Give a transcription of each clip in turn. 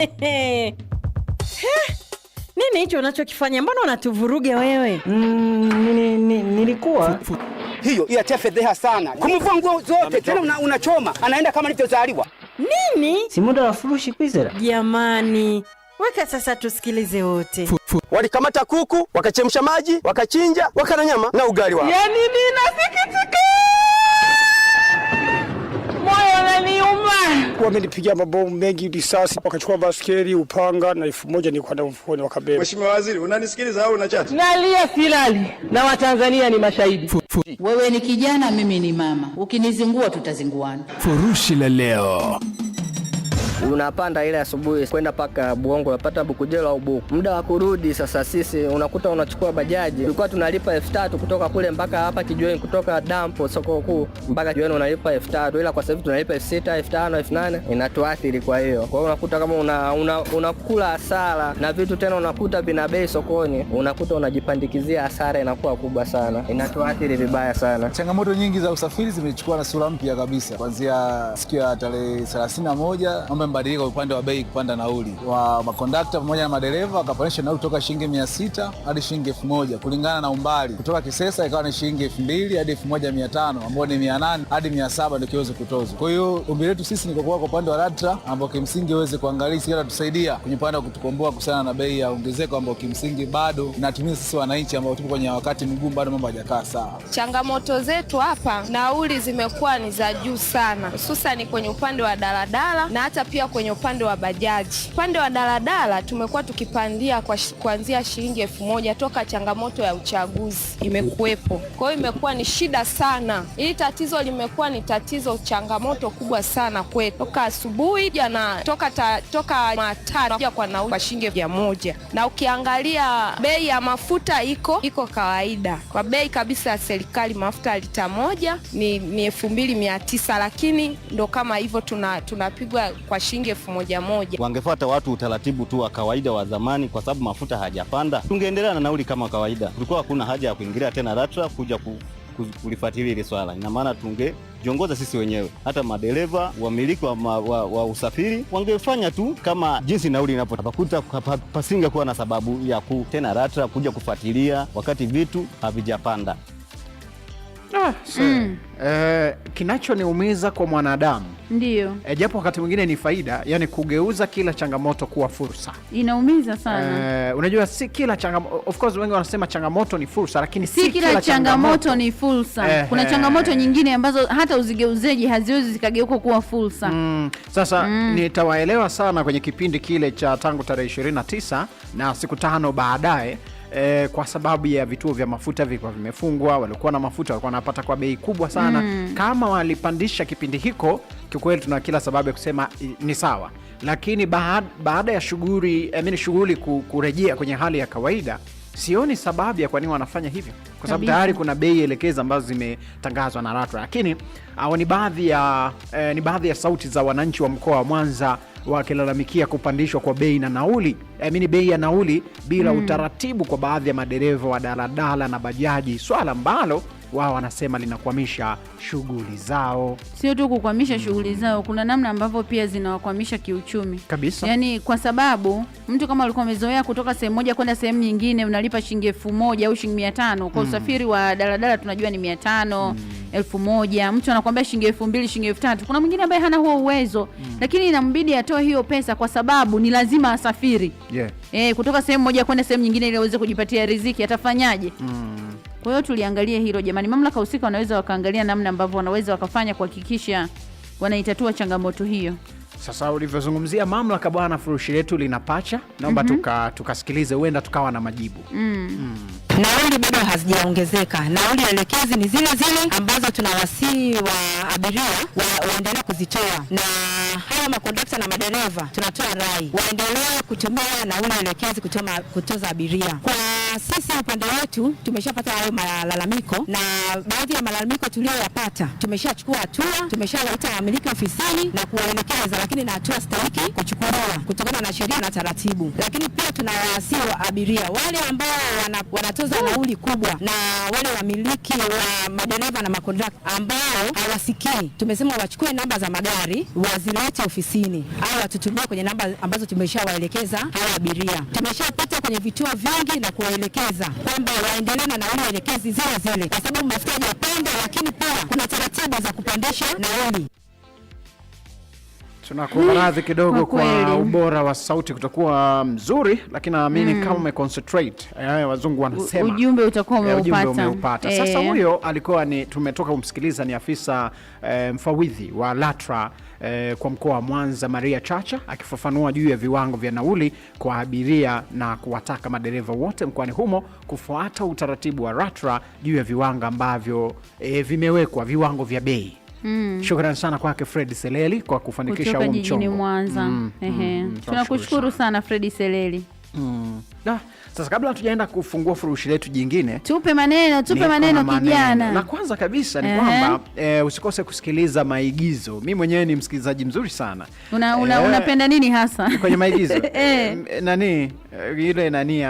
Nini hicho unachokifanya? Mbona unatuvuruge wewe? Mm, nilikuwa hiyo yatia fedheha sana, kumvua nguo zote tena una, unachoma anaenda kama alivyozaliwa. Nini? Si muda wa furushi kwizera. Jamani, weka sasa tusikilize wote. Walikamata kuku wakachemsha maji wakachinja wakala nyama na ugali wao. Ya nasikitika Wamenipigia mabomu mengi, risasi, wakachukua baskeli, upanga na elfu moja nilikwenda mfukoni wakabeba. Mheshimiwa Waziri, unanisikiliza au unachata? Nalia silali na Watanzania ni mashahidi. Wewe ni kijana, mimi ni mama, ukinizingua tutazinguana. Furushi la leo unapanda ile asubuhi kwenda paka Buongo, unapata Bukujelo au Buku. Muda wa kurudi sasa, sisi unakuta unachukua bajaji, tulikuwa tunalipa elfu tatu kutoka kule mpaka hapa kijiweni, kutoka dampo soko kuu mpaka jiweni unalipa elfu tatu ila kwa sasa tunalipa elfu sita elfu tano elfu nane inatuathiri. Kwa hiyo kwa hiyo unakuta kama una, una, unakula hasara na vitu tena unakuta vina bei sokoni, unakuta unajipandikizia hasara inakuwa kubwa sana, inatuathiri vibaya sana. Changamoto nyingi za usafiri zimechukua na sura mpya kabisa kuanzia siku ya tarehe 31 ambayo mabadiliko upande wa bei, kupanda nauli wa makondakta pamoja na madereva wakapandisha nauli kutoka shilingi mia sita hadi shilingi elfu moja kulingana na umbali kutoka Kisesa, ikawa ni shilingi elfu mbili hadi elfu moja mia tano ambao ni mia nane hadi mia saba ndio kiweze kutozwa. Kwa hiyo umbi letu sisi ni kwa upande wa ratra ambao kimsingi uweze kuangalia tusaidia kwenye upande wa kutukomboa kuhusiana na bei ya ongezeko ambao kimsingi bado inatumia sisi wananchi ambao tupo kwenye wakati mgumu, bado mambo hajakaa sawa. Changamoto zetu hapa, nauli zimekuwa ni za juu sana, hususani kwenye upande wa daladala na hata pia pia kwenye upande wa bajaji. Upande wa daladala tumekuwa tukipandia kwa kuanzia shilingi elfu moja toka changamoto ya uchaguzi imekuwepo. Kwa hiyo imekuwa ni shida sana, hili tatizo limekuwa ni tatizo, changamoto kubwa sana kwetu toka asubuhi jana, toka ta, toka matatu kwa nauli kwa shilingi moja, na ukiangalia bei ya mafuta iko iko kawaida kwa bei kabisa ya serikali, mafuta lita moja ni elfu mbili mia tisa, lakini ndo kama hivyo tunapigwa tuna kwa shilingi elfu moja moja. Wangefuata watu utaratibu tu wa kawaida wa zamani, kwa sababu mafuta hajapanda, tungeendelea na nauli kama kawaida. Kulikuwa hakuna haja ya kuingilia tena LATRA kuja ku kulifuatilia hili swala. Ina maana tungejiongoza sisi wenyewe, hata madereva wamiliki wa, wa, wa usafiri wangefanya tu kama jinsi nauli inapotapakuta, pasinge kuwa na sababu ya ku tena LATRA kuja kufuatilia wakati vitu havijapanda. Ah, mm. E, kinachoniumiza kwa mwanadamu ndio eh, japo wakati mwingine ni faida, yani kugeuza kila changamoto kuwa fursa inaumiza sana. Eh, unajua si kila changamoto, of course wengi wanasema changamoto ni fursa, lakini si, si kila, kila changamoto, changamoto ni fursa. eh, kuna eh. changamoto eh, nyingine ambazo hata uzigeuzeji haziwezi zikageuka kuwa fursa. Mm, sasa mm. nitawaelewa sana kwenye kipindi kile cha tangu tarehe 29 na siku tano baadaye eh, kwa sababu ya vituo vya mafuta vilikuwa vimefungwa, walikuwa na mafuta walikuwa wanapata kwa bei kubwa sana mm. Kama walipandisha kipindi hiko, kiukweli tuna kila sababu ya kusema ni sawa, lakini baada, ya shughuli I mean, shughuli kurejea kwenye hali ya kawaida sioni sababu ya kwa nini wanafanya hivyo, kwa sababu tayari kuna bei elekezi ambazo zimetangazwa na RATRA. Lakini ah, ni baadhi ya eh, ni baadhi ya sauti za wananchi wa mkoa wa Mwanza wakilalamikia kupandishwa kwa bei na nauli amini bei ya nauli bila mm, utaratibu kwa baadhi ya madereva wa daladala na bajaji, swala ambalo wao wanasema linakwamisha shughuli zao. Sio tu kukwamisha mm, shughuli zao, kuna namna ambavyo pia zinawakwamisha kiuchumi kabisa. Yani kwa sababu mtu kama ulikuwa amezoea kutoka sehemu moja kwenda sehemu nyingine, unalipa shilingi elfu moja au shilingi mia tano kwa mm, usafiri wa daladala tunajua ni mia tano mm elfu moja mtu anakuambia shilingi elfu mbili shilingi elfu tatu Kuna mwingine ambaye hana huo uwezo mm. lakini inambidi atoe hiyo pesa kwa sababu ni lazima asafiri yeah. E, kutoka sehemu moja kwenda sehemu nyingine ili aweze kujipatia riziki, atafanyaje? mm. Kwa hiyo tuliangalia hilo jamani, mamlaka husika wanaweza wakaangalia namna ambavyo wanaweza wakafanya kuhakikisha wanaitatua changamoto hiyo. Sasa ulivyozungumzia mamlaka bwana, furushi letu linapacha naomba mm -hmm. tukasikilize, tuka huenda tukawa na majibu mm. Mm. Nauli bado hazijaongezeka, nauli elekezi ni zile zile ambazo tunawasihi wa abiria waendelee kuzitoa, na hawa makondakta na madereva tunatoa rai waendelee kutumia nauli elekezi kutoma, kutoza abiria. Kwa sisi upande wetu tumeshapata hayo malalamiko, na baadhi ya malalamiko tuliyoyapata tumeshachukua hatua, tumeshawaita wamiliki ofisini na kuwaelekeza, lakini na hatua stahiki kuchukuliwa kutokana na sheria na taratibu, lakini na wa abiria wale ambao wana, wanatoza nauli kubwa na wale wamiliki wa madereva na makondakta ambao hawasikii, tumesema wachukue namba za magari wazilete ofisini au watutumie kwenye namba ambazo tumeshawaelekeza hawa abiria. Tumeshapita kwenye vituo vingi na kuwaelekeza kwamba waendelee na nauli elekezi zile zile, kwa sababu mafuta yapanda, lakini pia kuna taratibu za kupandisha nauli. Tunakuomba mm, radhi kidogo kwa ubora wa sauti kutakuwa mzuri, lakini naamini mm, kama umeconcentrate eh, wazungu wanasema ujumbe utakuwa eh, umeupata. Eh. Sasa huyo alikuwa ni tumetoka kumsikiliza ni afisa eh, mfawidhi wa LATRA eh, kwa mkoa wa Mwanza Maria Chacha akifafanua juu ya viwango vya nauli kwa abiria na kuwataka madereva wote mkoani humo kufuata utaratibu wa LATRA juu ya viwango ambavyo eh, vimewekwa viwango vya bei. Mm. Shukrani sana kwake Fred Seleli kwa kufanikisha huu mchongo. Mwanza. Mm. Mm. Tunakushukuru sana Fred Seleli. Mm. Sasa kabla tujaenda kufungua furushi letu jingine, tupe maneno, tupe maneno kijana. La kwanza kabisa ni kwamba e, usikose kusikiliza maigizo. Mi mwenyewe ni msikilizaji mzuri sana. Una, una, e, unapenda nini hasa kwenye maigizo e, nani ile nani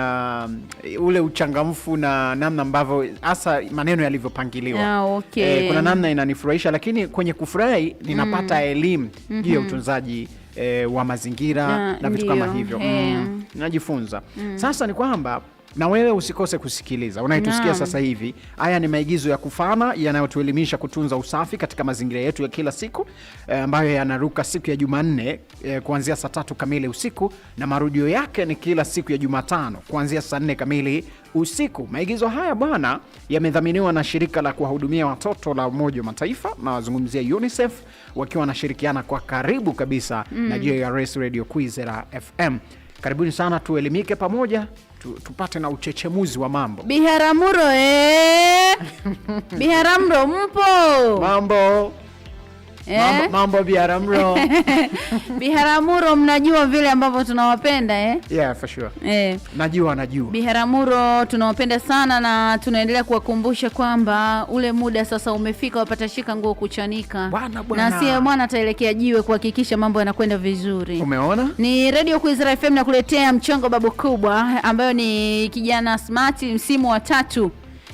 uh, ule uchangamfu na namna ambavyo hasa maneno yalivyopangiliwa. Ah, okay. E, kuna namna inanifurahisha, lakini kwenye kufurahi ninapata mm. elimu juu ya mm -hmm. utunzaji e, wa mazingira na, na vitu kama hivyo eh. mm, najifunza mm. Sasa ni kwamba na wewe usikose kusikiliza. unaitusikia sasa hivi, haya ni maigizo ya kufana yanayotuelimisha kutunza usafi katika mazingira yetu ya kila siku eh, ambayo yanaruka siku ya Jumanne eh, kuanzia saa tatu kamili usiku na marudio yake ni kila siku ya Jumatano kuanzia saa nne kamili usiku. Maigizo haya bwana, yamedhaminiwa na shirika la kuwahudumia watoto la Umoja wa Mataifa na wazungumzia UNICEF wakiwa wanashirikiana kwa karibu kabisa mm, na JRS Radio Kwizera FM. Karibuni sana tuelimike pamoja tu, tupate na uchechemuzi wa mambo. biharamuro eh. Biharamulo mpo? Mambo eh? Mambo Biharamuro Biharamuro, mnajua vile ambavyo tunawapenda eh? Yeah, for sure. Eh. Najua, najua Biharamuro tunawapenda sana, na tunaendelea kuwakumbusha kwamba ule muda sasa umefika, wapata shika nguo kuchanika bwana, bwana. Na sie mwana ataelekea jiwe kuhakikisha mambo yanakwenda vizuri. Umeona, ni Radio Kwizera FM nakuletea mchango babu kubwa, ambayo ni kijana smart msimu wa tatu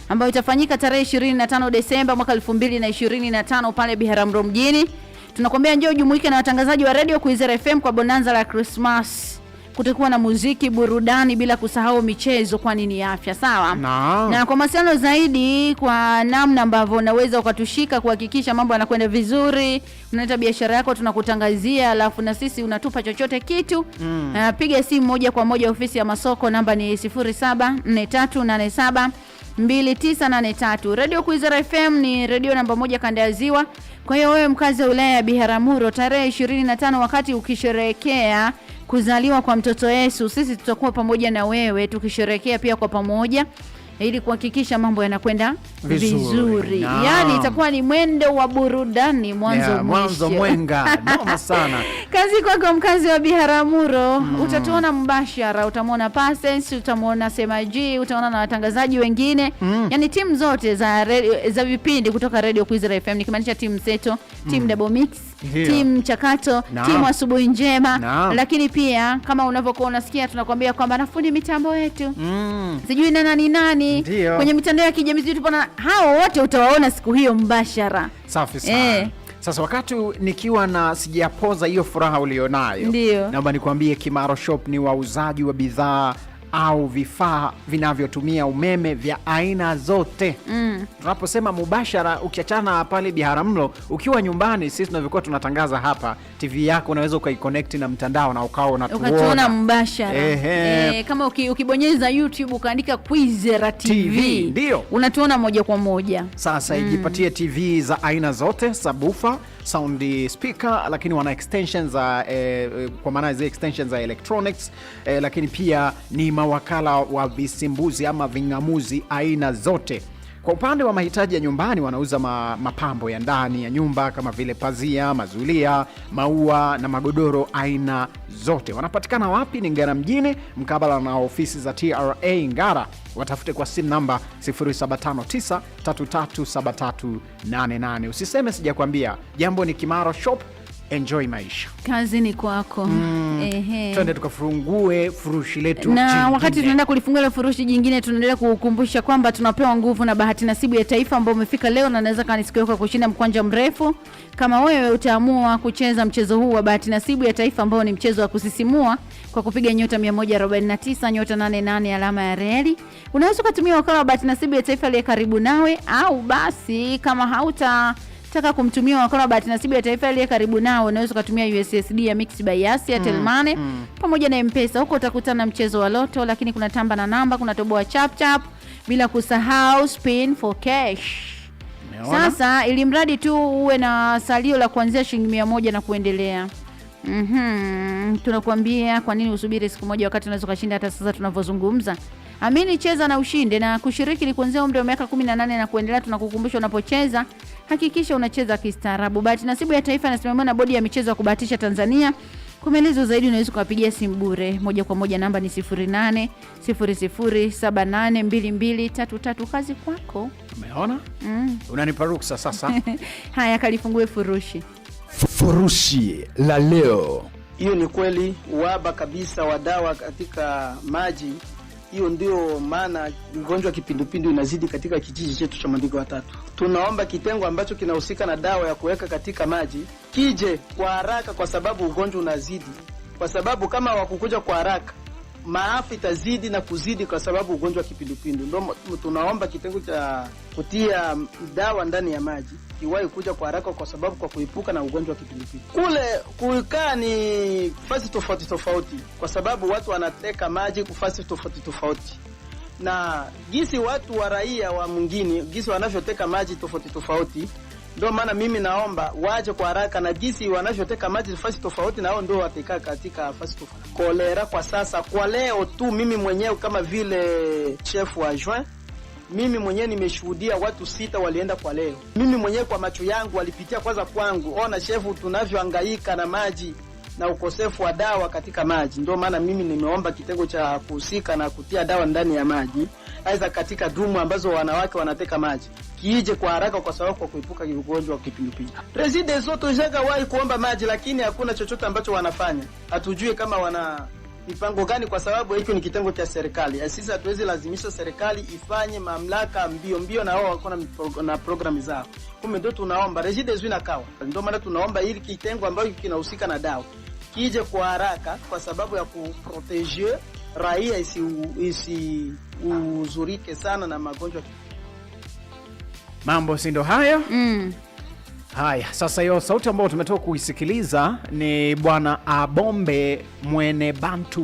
ambayo itafanyika tarehe 25 Desemba mwaka 2025 pale Biharamulo mjini. Tunakwambia njoo jumuike na watangazaji wa Radio Kwizera FM kwa bonanza la Christmas. Kutakuwa na muziki, burudani, bila kusahau michezo, kwani ni afya. Sawa no. Na kwa masiano zaidi, kwa namna ambavyo unaweza ukatushika kuhakikisha mambo yanakwenda vizuri, unaleta biashara yako, tunakutangazia alafu na sisi unatupa chochote kitu mm. Uh, piga simu moja kwa moja ofisi ya masoko, namba ni 0743887 2983. Radio Kwizera FM ni redio namba moja kanda ya Ziwa. Kwa hiyo wewe mkazi wa wilaya ya Biharamulo, tarehe 25 wakati ukisherehekea kuzaliwa kwa mtoto Yesu, sisi tutakuwa pamoja na wewe tukisherehekea pia kwa pamoja ili kuhakikisha mambo yanakwenda vizuri, vizuri. No. Yani itakuwa ni mwendo wa burudani mwanzo yeah, mwanzo mwenga noma sana. Kazi kwako kwa mkazi wa Biharamulo mm. Utatuona mbashara, utamwona Pasensi, utamwona Semaji, utaona na watangazaji wengine mm. Yani timu zote za, za vipindi kutoka Radio Kwizera FM nikimaanisha timu Seto, timu mm. Double Mix timu Mchakato, timu Asubuhi Njema na, lakini pia kama unavyokuwa unasikia tunakwambia kwamba nafundi mitambo yetu mm, sijui na nani nani kwenye mitandao ya kijamii tupo na hao wote utawaona siku hiyo mbashara. Safi sana eh. Sasa wakati nikiwa na sijapoza hiyo furaha ulionayo, naomba nikuambie Kimaro Shop ni wauzaji wa bidhaa au vifaa vinavyotumia umeme vya aina zote mm. Tunaposema mubashara, ukiachana pale Biharamulo, ukiwa nyumbani, sisi tunavyokuwa tunatangaza hapa, TV yako unaweza ukaikonekti na mtandao na ukawa unatuona mubashara eh, kama uki, ukibonyeza YouTube ukaandika Kwizera TV ndio unatuona moja kwa moja. Sasa mm. ijipatie TV za aina zote, sabufa sound speaker, lakini wana extensions za eh, eh kwa maana ya extensions za electronics eh, lakini pia ni mawakala wa visimbuzi ama ving'amuzi aina zote. Kwa upande wa mahitaji ya nyumbani, wanauza ma, mapambo ya ndani ya nyumba kama vile pazia, mazulia, maua na magodoro aina zote. Wanapatikana wapi? Ni Ngara mjini mkabala na ofisi za TRA Ngara. Watafute kwa simu namba 0759337388. Usiseme sijakwambia. Jambo ni Kimaro Shop enjoy maisha. Kazi ni kwako. Mm. Ehe. Twende tukafungue furushi letu na jingine. Wakati tunaenda kulifungua ile furushi jingine, tunaendelea kukukumbusha kwamba tunapewa nguvu na bahati nasibu ya taifa ambayo umefika leo, na naweza kana siku yako ya kushinda mkwanja mrefu. Kama wewe utaamua kucheza mchezo huu wa bahati nasibu ya taifa ambao ni mchezo wa kusisimua kwa kupiga nyota 149 nyota 88 alama ya reli, unaweza kutumia wakala wa bahati nasibu ya taifa aliye karibu nawe, au basi kama hauta ukitaka kumtumia wakala wa bahati nasibu ya taifa aliye karibu nao, unaweza ukatumia USSD ya Mixx by Yas ya mm, Telmane mm, pamoja na M-Pesa. Huko utakutana na mchezo wa loto, lakini kuna tamba na namba, kuna toboa chap chap, bila kusahau spin for cash. Meona. Sasa ili mradi tu uwe na salio la kuanzia shilingi mia moja na kuendelea. mm -hmm. Tunakuambia kwa nini usubiri siku moja, wakati unaweza ukashinda hata sasa tunavyozungumza. Amini, cheza na ushinde. Na kushiriki ni kuanzia umri wa miaka 18 na kuendelea. Tunakukumbusha unapocheza hakikisha unacheza kistaarabu. Bahati nasibu ya taifa inasimamiwa na bodi ya michezo ya kubahatisha Tanzania. Kwa maelezo zaidi unaweza kuwapigia simu bure moja kwa moja, namba ni 08 00 Kazi kwako. Umeona? Mm. Unanipa ruksa sasa. Haya, kalifungue furushi. Furushi la leo. Hiyo ni kweli, uhaba kabisa wa dawa katika maji hiyo ndio maana ugonjwa kipindupindu inazidi katika kijiji chetu cha Mandigo watatu. Tunaomba kitengo ambacho kinahusika na dawa ya kuweka katika maji kije kwa haraka, kwa sababu ugonjwa unazidi, kwa sababu kama wakukuja kwa haraka maafa itazidi na kuzidi kwa sababu ugonjwa wa kipindupindu. Ndo tunaomba kitengo cha kutia dawa ndani ya maji kiwahi kuja kwa haraka, kwa sababu kwa kuipuka na ugonjwa wa kipindupindu kule kuikaa ni fasi tofauti tofauti, kwa sababu watu wanateka maji kufasi tofauti tofauti na gisi watu wa raia wa mwingine gisi wanavyoteka maji tofauti tofauti ndio maana mimi naomba waje kwa haraka, na jinsi wanavyoteka maji nafasi tofauti, nao ndio watakaa katika nafasi tofauti. Kolera kwa sasa, kwa leo tu, mimi mwenyewe kama vile chef wa juin mimi mwenyewe nimeshuhudia watu sita walienda kwa leo. Mimi mwenyewe kwa macho yangu walipitia kwanza kwangu, ona shefu, tunavyohangaika na maji na ukosefu wa dawa katika maji. Ndio maana mimi nimeomba kitengo cha kuhusika na kutia dawa ndani ya maji, aidha katika dumu ambazo wanawake wanateka maji kiije kwa haraka, kwa sababu kwa kuepuka ugonjwa wa kipindupindu. Reside zote zagawahi kuomba maji, lakini hakuna chochote ambacho wanafanya. Hatujui kama wana mipango gani, kwa sababu hicho ni kitengo cha serikali. Sisi hatuwezi lazimisha serikali ifanye mamlaka mbio mbio, na wao wako na programu zao. Kumbe ndio tunaomba residence zina kawa, ndio maana tunaomba ili kitengo ambacho kinahusika na dawa ije kwa haraka kwa sababu ya kuprotege raia isiuzurike isi sana na magonjwa. Mambo sindo hayo mm. Haya, sasa hiyo sauti ambayo tumetoka kuisikiliza ni bwana Abombe Mwene Bantu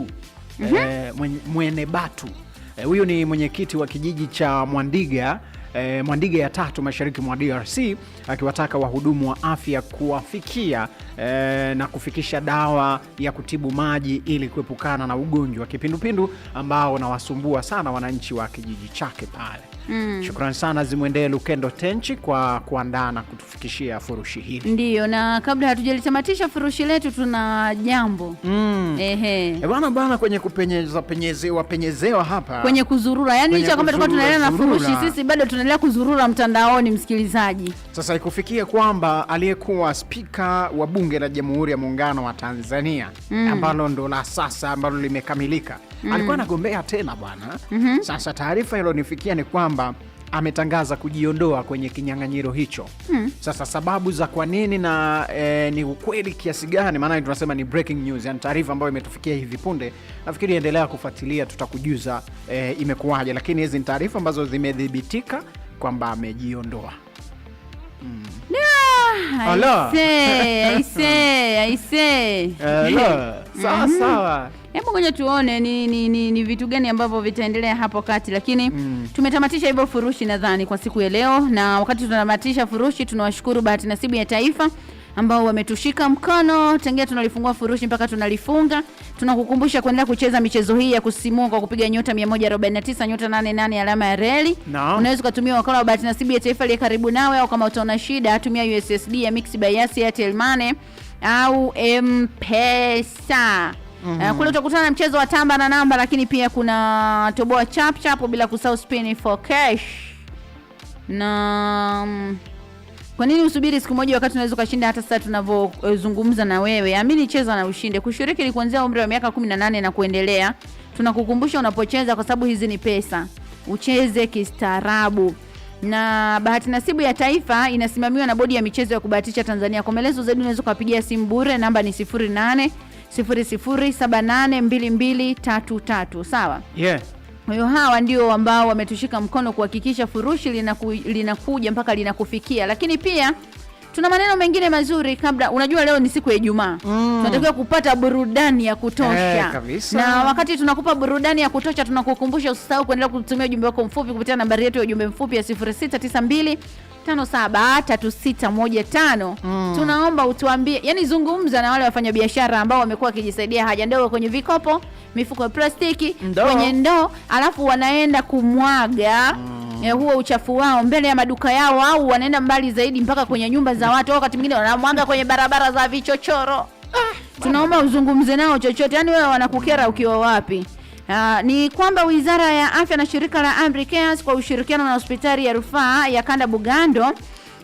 mm -hmm. E, eh, Mwene Batu eh, huyu e, ni mwenyekiti wa kijiji cha Mwandiga e, Mwandige ya tatu mashariki mwa DRC akiwataka wahudumu wa afya kuwafikia e, na kufikisha dawa ya kutibu maji ili kuepukana na ugonjwa wa kipindupindu ambao unawasumbua sana wananchi wa kijiji chake pale. Mm. Shukrani sana zimwendee Lukendo Tenchi kwa kuandaa na kutufikishia furushi hili. Ndiyo, na kabla hatujalitamatisha furushi letu tuna jambo mm. Ehe. E Bwana bwana, kwenye kupenyeza penyezewa penyezewa hapa kwenye kuzurura, yani hicho kwamba tulikuwa tunaendelea na furushi, sisi bado tuna tunaendelea kuzurura mtandaoni, msikilizaji. Sasa ikufikia kwamba aliyekuwa spika wa bunge la Jamhuri ya Muungano wa Tanzania mm. ambalo ndo la sasa ambalo limekamilika mm. alikuwa anagombea tena bwana mm -hmm. Sasa taarifa ilonifikia ni kwamba ametangaza kujiondoa kwenye kinyang'anyiro hicho. Hmm. Sasa sababu za kwa nini na e, ni ukweli kiasi gani, maana tunasema ni breaking news, yani taarifa ambayo imetufikia hivi punde. Nafikiri endelea kufuatilia, tutakujuza e, imekuwaje, lakini hizi ni taarifa ambazo zimedhibitika kwamba amejiondoa. Hmm. Ah, aisee sawa sawa. Hebu ngoja tuone ni, ni, ni, ni vitu gani ambavyo vitaendelea hapo kati, lakini mm, tumetamatisha hivyo furushi nadhani kwa siku ya leo, na wakati tunatamatisha furushi tunawashukuru bahati nasibu ya taifa ambao wametushika mkono tangia tunalifungua furushi mpaka tunalifunga. Tunakukumbusha kuendelea kucheza michezo hii ya kusisimua kwa kupiga nyota 149 nyota 88 alama ya reli. Unaweza ukatumia wakala wa bahati nasibu ya taifa aliye karibu nawe, au kama utaona shida, tumia USSD ya mix by yasi ya Airtel Money au Mpesa. Mm -hmm. Eh, kule utakutana na mchezo wa tamba na namba, lakini pia kuna toboa chap chap, bila kusahau spin for cash na kwa nini usubiri siku moja wakati unaweza ukashinda hata sasa tunavyozungumza na wewe? Amini, cheza na ushinde. Kushiriki ni kuanzia umri wa miaka 18 na kuendelea. Tunakukumbusha unapocheza, kwa sababu hizi ni pesa, ucheze kistaarabu. Na bahati nasibu ya taifa inasimamiwa na Bodi ya Michezo ya Kubahatisha Tanzania. Kwa maelezo zaidi unaweza ukapigia simu bure, namba ni 0800782233. Sawa, yeah huyo hiyo hawa ndio ambao wametushika mkono kuhakikisha furushi linaku, linakuja mpaka linakufikia, lakini pia tuna maneno mengine mazuri kabla. Unajua, leo ni siku ya Ijumaa mm. tunatakiwa kupata burudani ya kutosha eh, na wakati tunakupa burudani ya kutosha tunakukumbusha usisahau kuendelea kutumia ujumbe wako mfupi kupitia nambari yetu ya ujumbe mfupi ya 692 tano Mm. Tunaomba utuambie, yani zungumza na wale wafanyabiashara ambao wamekuwa wakijisaidia haja ndogo kwenye vikopo, mifuko ya plastiki, Ndo. kwenye ndoo, alafu wanaenda kumwaga mm. Ya eh, huo uchafu wao mbele ya maduka yao au wanaenda mbali zaidi mpaka kwenye nyumba za watu, wakati mwingine wanamwaga kwenye barabara za vichochoro. Ah, tunaomba uzungumze nao chochote, yani wewe wanakukera ukiwa wapi? Uh, ni kwamba Wizara ya Afya na shirika la Amri Cares kwa ushirikiano na hospitali ya rufaa ya Kanda Bugando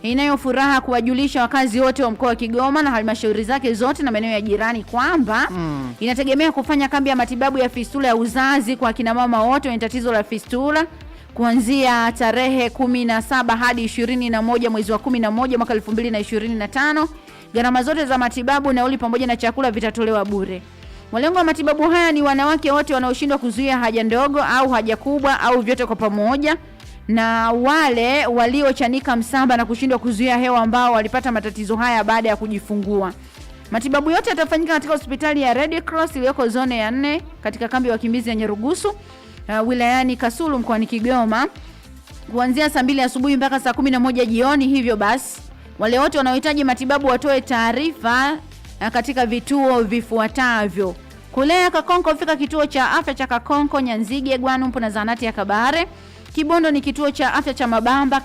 inayo furaha kuwajulisha wakazi wote wa mkoa wa Kigoma na halmashauri zake zote na maeneo ya jirani kwamba mm, inategemea kufanya kambi ya matibabu ya fistula ya uzazi kwa kina mama wote wenye tatizo la fistula kuanzia tarehe 17 hadi 21 mwezi wa 11 mwaka 2025. Gharama zote za matibabu, nauli pamoja na chakula vitatolewa bure. Malengo ya matibabu haya ni wanawake wote wanaoshindwa kuzuia haja ndogo au haja kubwa au vyote kwa pamoja, na wale waliochanika msamba na kushindwa kuzuia hewa ambao walipata matatizo haya baada ya kujifungua. Matibabu yote yatafanyika katika hospitali ya Red Cross iliyoko zone ya nne katika kambi ya wakimbizi ya Nyarugusu uh, wilayani Kasulu mkoani Kigoma kuanzia saa mbili asubuhi mpaka saa kumi na moja jioni. Hivyo basi wale wote wanaohitaji matibabu watoe taarifa Eh, katika vituo vifuatavyo kule Kakonko fika kituo cha afya cha Kakonko, Nyanzige, Gwanumpu na zanati ya Kabare. Kibondo ni kituo cha afya cha Mabamba,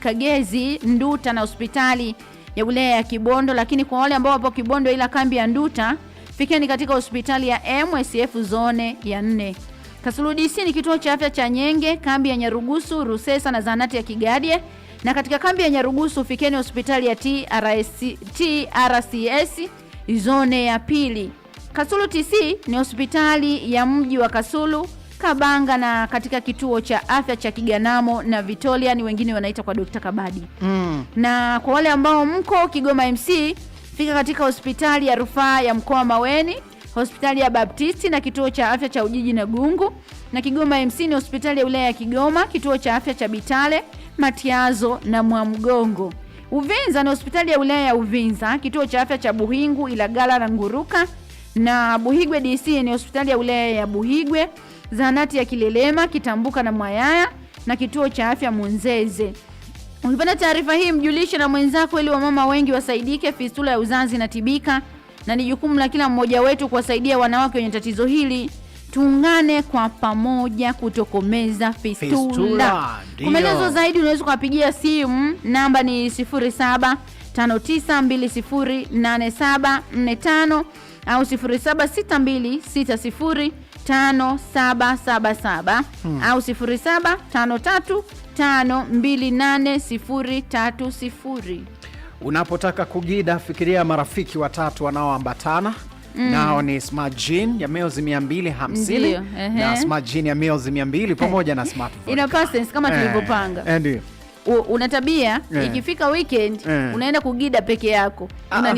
Kagezi, Nduta na hospitali ya wilaya ya Kibondo. Lakini kwa wale ambao wapo Kibondo ila kambi ya Nduta, fikeni katika hospitali ya MSF zone ya nne. Kasulu DC ni kituo cha afya cha Nyenge, kambi ya Nyarugusu, Rusesa na zanati ya Kigadie. Na katika kambi ya Nyarugusu fikeni hospitali ya TRS, TRCS zone ya pili. Kasulu TC ni hospitali ya mji wa Kasulu Kabanga na katika kituo cha afya cha Kiganamo na Vitolia, ni wengine wanaita kwa Dr. Kabadi mm. Na kwa wale ambao mko Kigoma MC, fika katika hospitali ya rufaa ya mkoa Maweni, hospitali ya Baptisti na kituo cha afya cha Ujiji na Gungu. Na Kigoma MC ni hospitali ya wilaya ya Kigoma, kituo cha afya cha Bitale, Matiazo na Mwamgongo. Uvinza ni hospitali ya wilaya ya Uvinza, kituo cha afya cha Buhingu, Ilagala na Nguruka, na Buhigwe DC ni hospitali ya wilaya ya Buhigwe, zahanati ya Kilelema, Kitambuka na Mwayaya na kituo cha afya Munzeze. Ukipata taarifa hii mjulishe na mwenzako ili wamama wengi wasaidike. Fistula ya uzazi inatibika na ni jukumu la kila mmoja wetu kuwasaidia wanawake wenye tatizo hili tuungane kwa pamoja kutokomeza fistula, Kumelezo zaidi unaweza ukapigia simu namba ni 0759208745 au 0762605777 hmm. au 0753528030. Unapotaka kugida, fikiria marafiki watatu wanaoambatana Mm. nao ni smart jean ya males 250 na smart jean ya males 200 pamoja na smart ina passence kama eh, tulivyopanga. Eh, ndio una tabia eh. ikifika weekend unaenda kugida peke yako. Ah, ah.